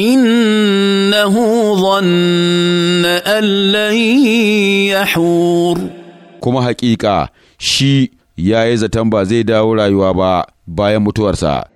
إنه ظن أن لن يحور kuma haƙiƙa shi ya yi zaton ba zai dawo rayuwa ba bayan mutuwarsa.